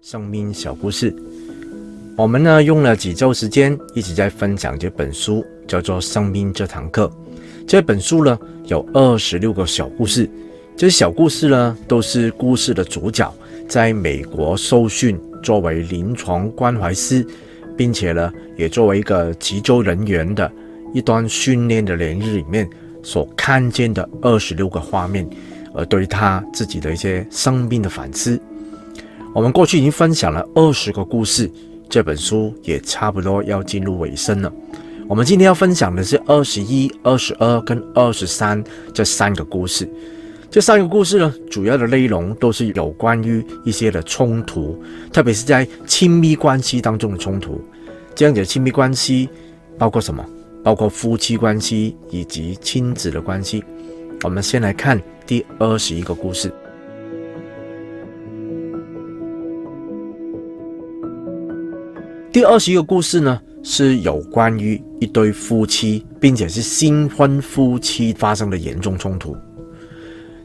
生命小故事，我們呢用了幾週時間一直在分享這本書，叫做《生命這堂課》。這本書呢有二十六個小故事，這些小故事呢都是故事的主角在美國受訓作為臨床關懷師，並且呢也作為一個急救人員的一段訓練的連日裡面所看見的二十六個畫面，而對他自己的一些生命的反思。我們過去已經分享了二十個故事，這本書也差不多要進入尾聲了。我們今天要分享的是二十一、二十二跟二十三這三個故事。這三個故事呢，主要的內容都是有關於一些的衝突，特別是在親密關係當中的衝突。這樣子的親密關係包括什麼？包括夫妻關係以及親子的關係。我們先來看第二十一個故事。第二十一個故事呢，是有關於一對夫妻，並且是新婚夫妻發生的嚴重衝突。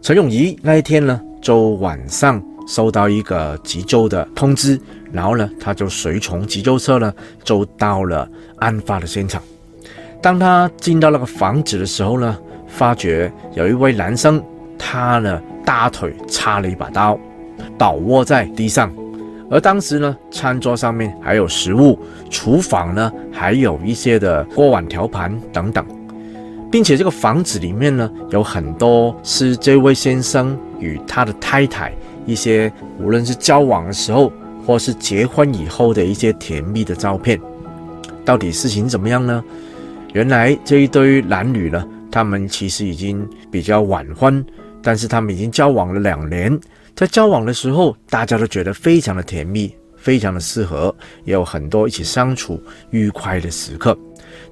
陳永儀那一天呢，就晚上收到一個急救的通知，然後呢，他就隨從急救車呢，就到了案發的現場。當他進到那個房子的時候呢，發覺有一位男生，他呢大腿插了一把刀，倒臥在地上。而當時呢，餐桌上面還有食物，廚房呢還有一些的鍋碗瓢盤等等，並且這個房子裡面呢有很多是這位先生與他的太太一些無論是交往的時候，或是結婚以後的一些甜蜜的照片。到底事情怎麼樣呢？原來這一對男女呢，他們其實已經比較晚婚，但是他們已經交往了兩年。在交往的時候，大家都覺得非常的甜蜜，非常的適合，也有很多一起相處愉快的時刻。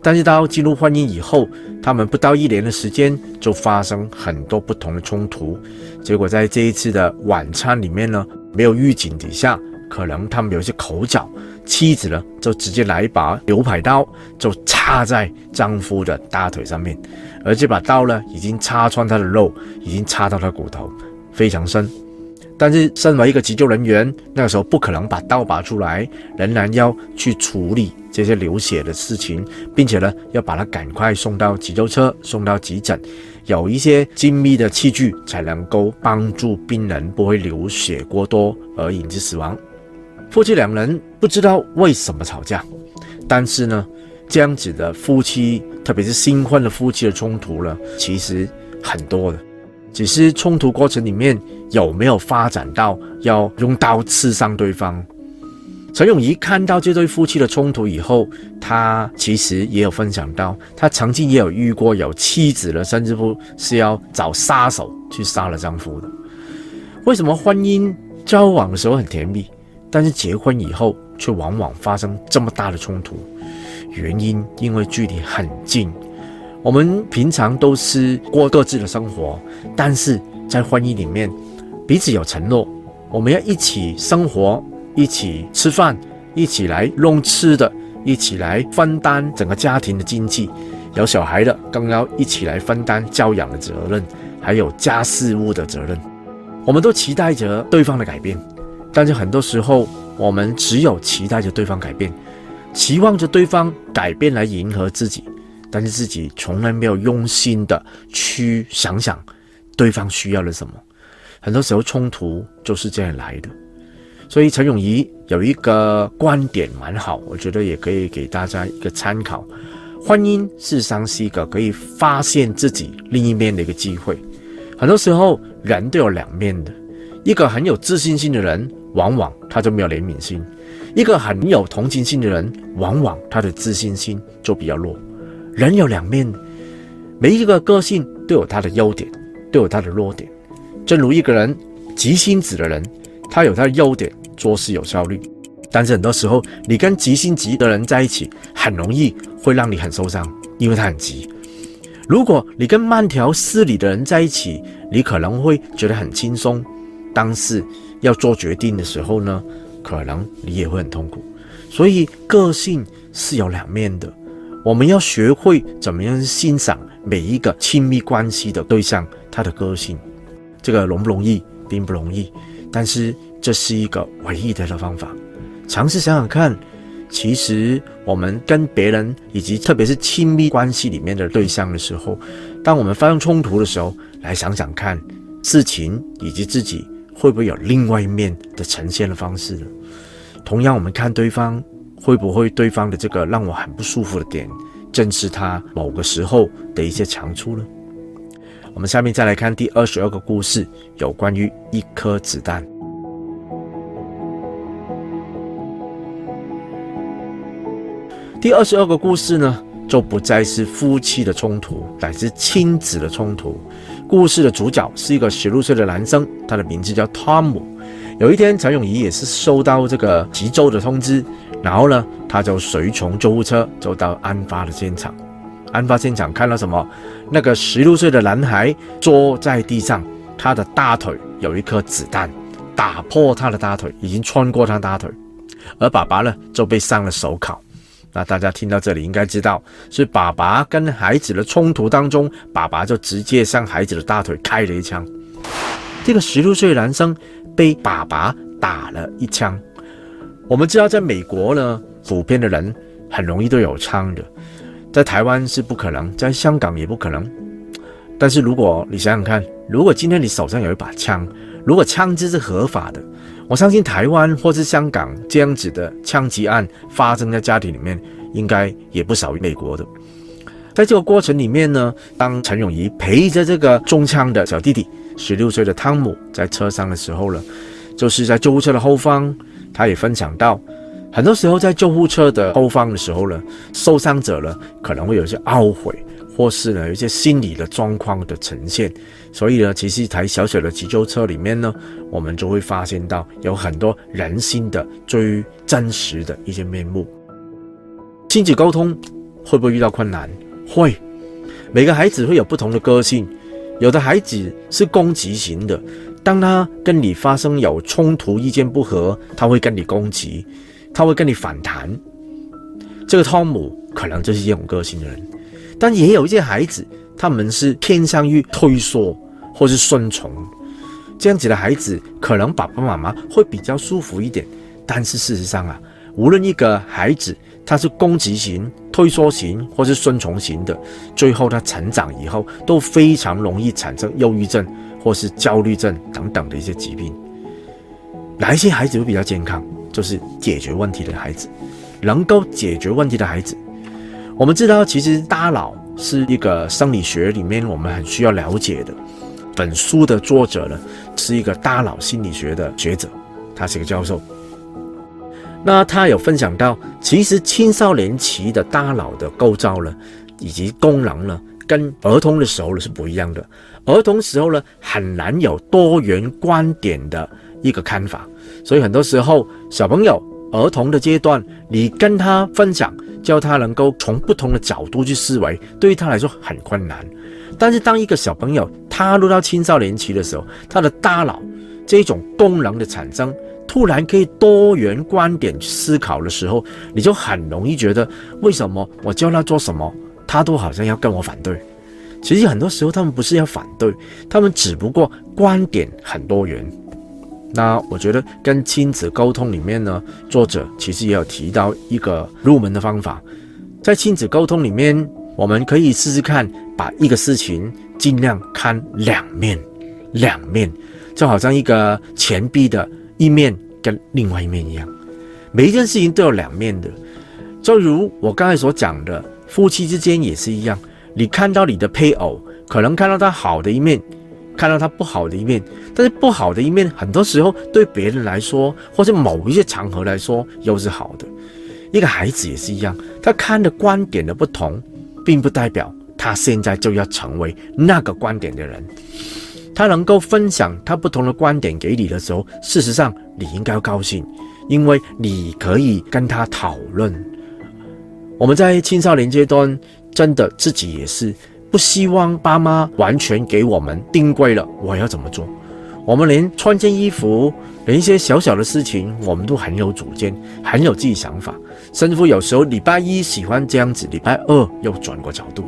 但是到進入婚姻以後，他們不到一年的時間就發生很多不同的衝突。結果在這一次的晚餐裡面呢，沒有預警底下，可能他們有一些口角，妻子呢就直接拿一把牛排刀就插在丈夫的大腿上面，而這把刀呢已經插穿他的肉，已經插到他骨頭，非常深。但是身為一個急救人員，那個時候不可能把刀拔出來，仍然要去處理這些流血的事情，並且呢，要把他趕快送到急救車，送到急診。有一些精密的器具才能夠幫助病人不會流血過多而引致死亡。夫妻兩人不知道為什麼吵架，但是呢，這樣子的夫妻，特別是新婚的夫妻的衝突呢，其實很多的。只是衝突過程裡面有沒有發展到要用刀刺傷對方？陳永儀看到這對夫妻的衝突以後，他其實也有分享到，他曾經也有遇過有妻子的，甚至乎是要找殺手去殺了丈夫的。為什麼婚姻交往的時候很甜蜜，但是結婚以後卻往往發生這麼大的衝突？原因因為距離很近。我們平常都是過各自的生活，但是在婚姻裡面，彼此有承諾，我們要一起生活，一起吃飯，一起來弄吃的，一起來分擔整個家庭的經濟。有小孩的更要一起來分擔教養的責任，還有家事物的責任。我們都期待着對方的改變，但是很多時候我們只有期待着對方改變，期望着對方改變來迎合自己。但是自己從來沒有用心的去想想對方需要了什麼，很多時候衝突就是這樣來的。所以陳永儀有一個觀點蠻好，我覺得也可以給大家一個參考。婚姻事實上是一個可以發現自己另一面的一個機會。很多時候人都有兩面的，一個很有自信心的人，往往他就沒有憐憫心；一個很有同情心的人，往往他的自信心就比較弱。人有兩面，每一個個性都有他的優點，都有他的弱點。正如一個人急性子的人，他有他的優點，做事有效率；但是很多時候，你跟急性急的人在一起，很容易會讓你很受傷，因為他很急。如果你跟慢條斯理的人在一起，你可能會覺得很輕鬆；但是要做決定的時候呢，可能你也會很痛苦。所以，個性是有兩面的。我們要學會怎麼樣欣賞每一個親密關係的對象，他的個性，這個容不容易？並不容易，但是這是一個唯一的方法。嘗試想想看，其實我們跟別人，以及特別是親密關係裡面的對象的時候，當我們發生衝突的時候，來想想看，事情以及自己會不會有另外一面的呈現的方式。同樣，我們看對方。會不會對方的這個讓我很不舒服的點，正是他某個時候的一些長處呢？我們下面再來看第二十二個故事，有關於一顆子彈。第二十二個故事呢，就不再是夫妻的衝突，乃至親子的衝突。故事的主角是一個十六歲的男生，他的名字叫湯姆。有一天，陳永儀也是收到這個急驟的通知。然後呢，他就隨從救護車走到案發的現場。案發現場看到什麼？那個十六歲的男孩坐在地上，他的大腿有一顆子彈，打破他的大腿，已經穿過他的大腿。而爸爸呢，就被上了手銬。那大家聽到這裡應該知道，是爸爸跟孩子的衝突當中，爸爸就直接向孩子的大腿開了一槍。這個十六歲的男生被爸爸打了一槍。我們知道，在美國呢，普遍的人很容易都有槍的，在台灣是不可能，在香港也不可能。但是如果你想想看，如果今天你手上有一把槍，如果槍支是合法的，我相信台灣或是香港這樣子的槍擊案發生在家庭裡面，應該也不少於美國的。在這個過程裡面呢，當陳永儀陪着這個中槍的小弟弟，十六歲的湯姆在車上的時候呢，就是在救護車的後方。他也分享到，很多時候在救護車的後方的時候呢，受傷者呢可能會有一些懊悔，或是呢有一些心理的狀況的呈現。所以呢，其實一台小小的急救車裡面呢，我們就會發現到有很多人性的最真實的一些面目。親子溝通會不會遇到困難？會。每個孩子會有不同的個性，有的孩子是攻擊型的。當他跟你發生有衝突、意見不合，他會跟你攻擊，他會跟你反彈。這個湯姆可能就是一種個性的人，但也有一些孩子，他們是偏向於退縮或是順從。這樣子的孩子，可能爸爸媽媽會比較舒服一點。但是事實上啊，無論一個孩子他是攻擊型、退縮型或是順從型的，最後他成長以後都非常容易產生憂鬱症。或是焦慮症等等的一些疾病，哪一些孩子會比較健康？就是解決問題的孩子，能夠解決問題的孩子。我們知道，其實大腦是一個生理學裡面我們很需要了解的。本書的作者呢，是一個大腦心理學的學者，他是一個教授。那他有分享到，其實青少年期的大腦的構造呢，以及功能呢，跟兒童的時候呢是不一樣的，兒童時候呢很難有多元觀點的一個看法，所以很多時候小朋友兒童的階段，你跟他分享，教他能夠從不同的角度去思維，對於他來說很困難。但是當一個小朋友踏入到青少年期的時候，他的大腦這種功能的產生，突然可以多元觀點去思考的時候，你就很容易覺得為什麼我教他做什麼，他都好像要跟我反對。其實很多時候他們不是要反對，他們只不過觀點很多元。那我覺得跟親子溝通裡面呢，作者其實也有提到一個入門的方法，在親子溝通裡面，我們可以試試看把一個事情盡量看兩面，兩面就好像一個錢幣的一面跟另外一面一樣，每一件事情都有兩面的。正如我剛才所講的，夫妻之間也是一樣。你看到你的配偶，可能看到他好的一面，看到他不好的一面。但是不好的一面，很多時候對別人來說，或是某一些場合來說，又是好的。一個孩子也是一樣，他看的觀點的不同，並不代表他現在就要成為那個觀點的人。他能夠分享他不同的觀點給你的時候，事實上你應該要高興，因為你可以跟他討論。我們在青少年階段。真的自己也是不希望爸媽完全給我們定規了，我要怎麼做？我們連穿件衣服，連一些小小的事情，我們都很有主見，很有自己想法。甚至乎有時候禮拜一喜歡這樣子，禮拜二又轉過角度。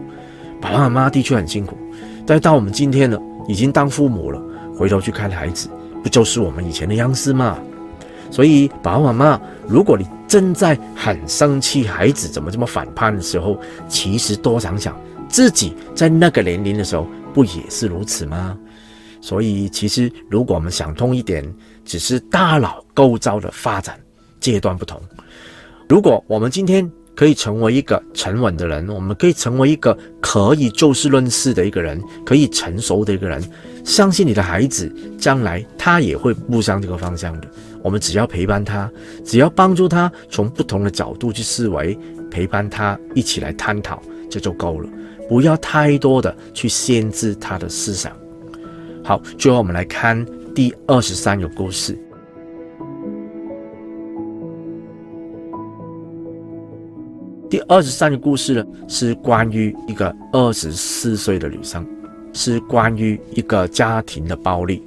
爸爸媽媽的確很辛苦，但到我們今天了，已經當父母了，回頭去看孩子，不就是我們以前的樣子嗎？所以，爸爸媽媽，如果你正在很生氣，孩子怎麼這麼反叛的時候，其實多想想自己在那個年齡的時候，不也是如此嗎？所以，其實如果我們想通一點，只是大腦構造的發展階段不同。如果我們今天可以成為一個沉穩的人，我們可以成為一個可以就事論事的一個人，可以成熟的一個人，相信你的孩子將來他也會步向這個方向的。我們只要陪伴他，只要幫助他從不同的角度去思維，陪伴他一起來探討，這就夠了。不要太多的去限制他的思想。好，最後我們來看第二十三個故事。第二十三個故事呢，是關於一個二十四歲的女生，是關於一個家庭的暴力。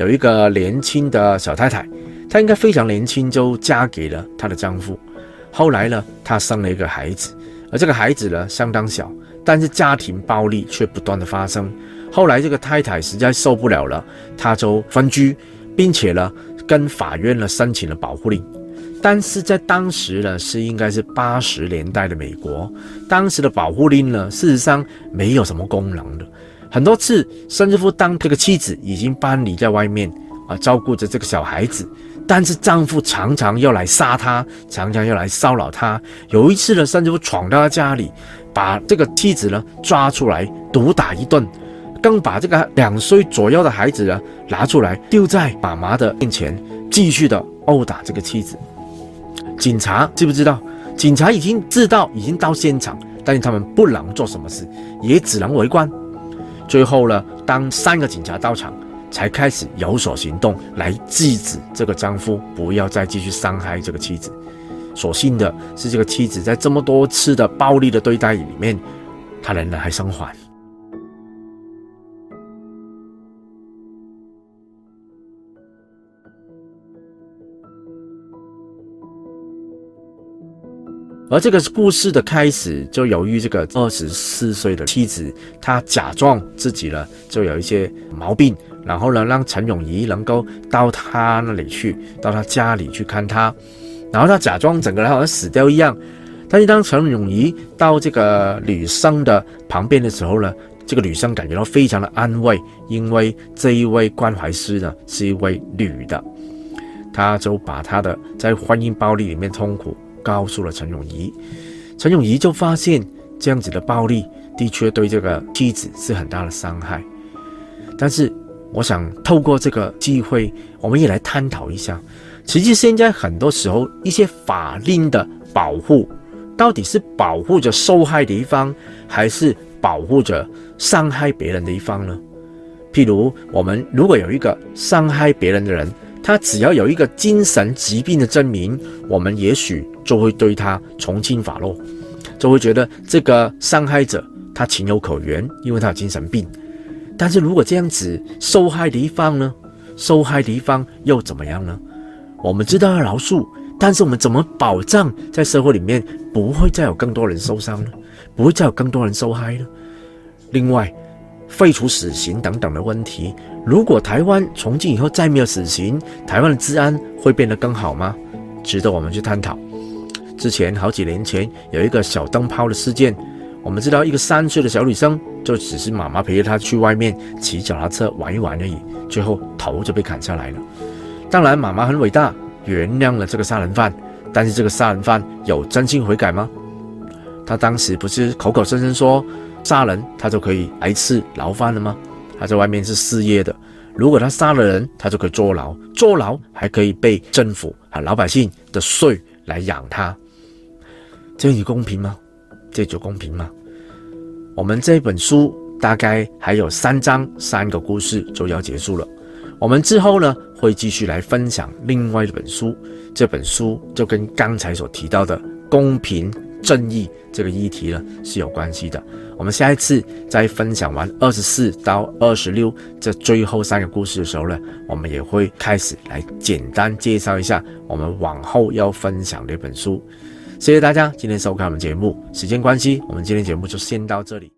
有一個年輕的小太太，她應該非常年輕就嫁給了她的丈夫。後來呢，她生了一個孩子，而這個孩子呢，相當小，但是家庭暴力卻不斷的發生。後來這個太太實在受不了了，她就分居，並且呢跟法院呢申請了保護令。但是在當時呢，是應該是八十年代的美國，當時的保護令呢事實上沒有什麼功能的。很多次，甚至乎當這個妻子已經搬離在外面啊，照顧着這個小孩子，但是丈夫常常要來殺他，常常要來騷擾他。有一次呢，甚至乎闖到他家裡，把這個妻子呢抓出來，毒打一頓。更把這個兩歲左右的孩子呢拿出來，丟在媽媽的面前，繼續的毆打這個妻子。警察知不知道？警察已經知道，已經到現場，但是他們不能做什麼事，也只能圍觀。最後呢，當三個警察到場，才開始有所行動，來制止這個丈夫不要再繼續傷害這個妻子。所幸的是，這個妻子在這麼多次的暴力的對待裡面，她仍然還生還。而這個故事的開始，就由於，這個二十四歲的妻子，她假裝自己呢，就有一些毛病，然後呢，讓陳永儀能夠到她那裡去，到她家裡去看她，然後她假裝整個人好像死掉一樣。但是當陳永儀到這個女生的旁邊的時候呢，這個女生感覺到非常的安慰，因為這一位關懷師呢是一位女的，她就把她的在婚姻暴力裡面痛苦。告訴了陳永儀，陳永儀就發現這樣子的暴力的確對這個妻子是很大的傷害。但是，我想透過這個機會，我們也來探討一下，其實現在很多時候一些法令的保護，到底是保護着受害的一方，還是保護着傷害別人的一方呢？譬如，我們如果有一個傷害別人的人。他只要有一個精神疾病的證明，我們也許就會對他從輕發落，就會覺得這個傷害者他情有可原，因為他有精神病。但是如果這樣子，受害的一方呢？受害的一方又怎麼樣呢？我們知道要饒恕，但是我們怎麼保障在社會裡面不會再有更多人受傷呢？不會再有更多人受害呢？另外。廢除死刑等等的問題，如果台灣從今以後再沒有死刑，台灣的治安會變得更好嗎？值得我們去探討。之前好幾年前有一個小燈泡的事件，我們知道一個三歲的小女生，就只是媽媽陪着她去外面騎腳踏車玩一玩而已，最後頭就被砍下來了。當然，媽媽很偉大，原諒了這個殺人犯，但是這個殺人犯有真心悔改嗎？他當時不是口口聲聲說。殺人他就可以來吃牢飯了嗎？他在外面是失業的，如果他殺了人，他就可以坐牢，坐牢還可以被政府和老百姓的稅來養他，這你公平嗎？這就公平嗎？我們這本書大概還有三章，三個故事就要結束了。我們之後呢，會繼續來分享另外一本書，這本書就跟剛才所提到的公平。正義這個議題呢，是有關係的。我們下一次再分享完二十四到二十六這最後三個故事的時候呢，我們也會開始來簡單介紹一下我們往後要分享的一本書。謝謝大家今天收看我們節目，時間關係，我們今天節目就先到這裡。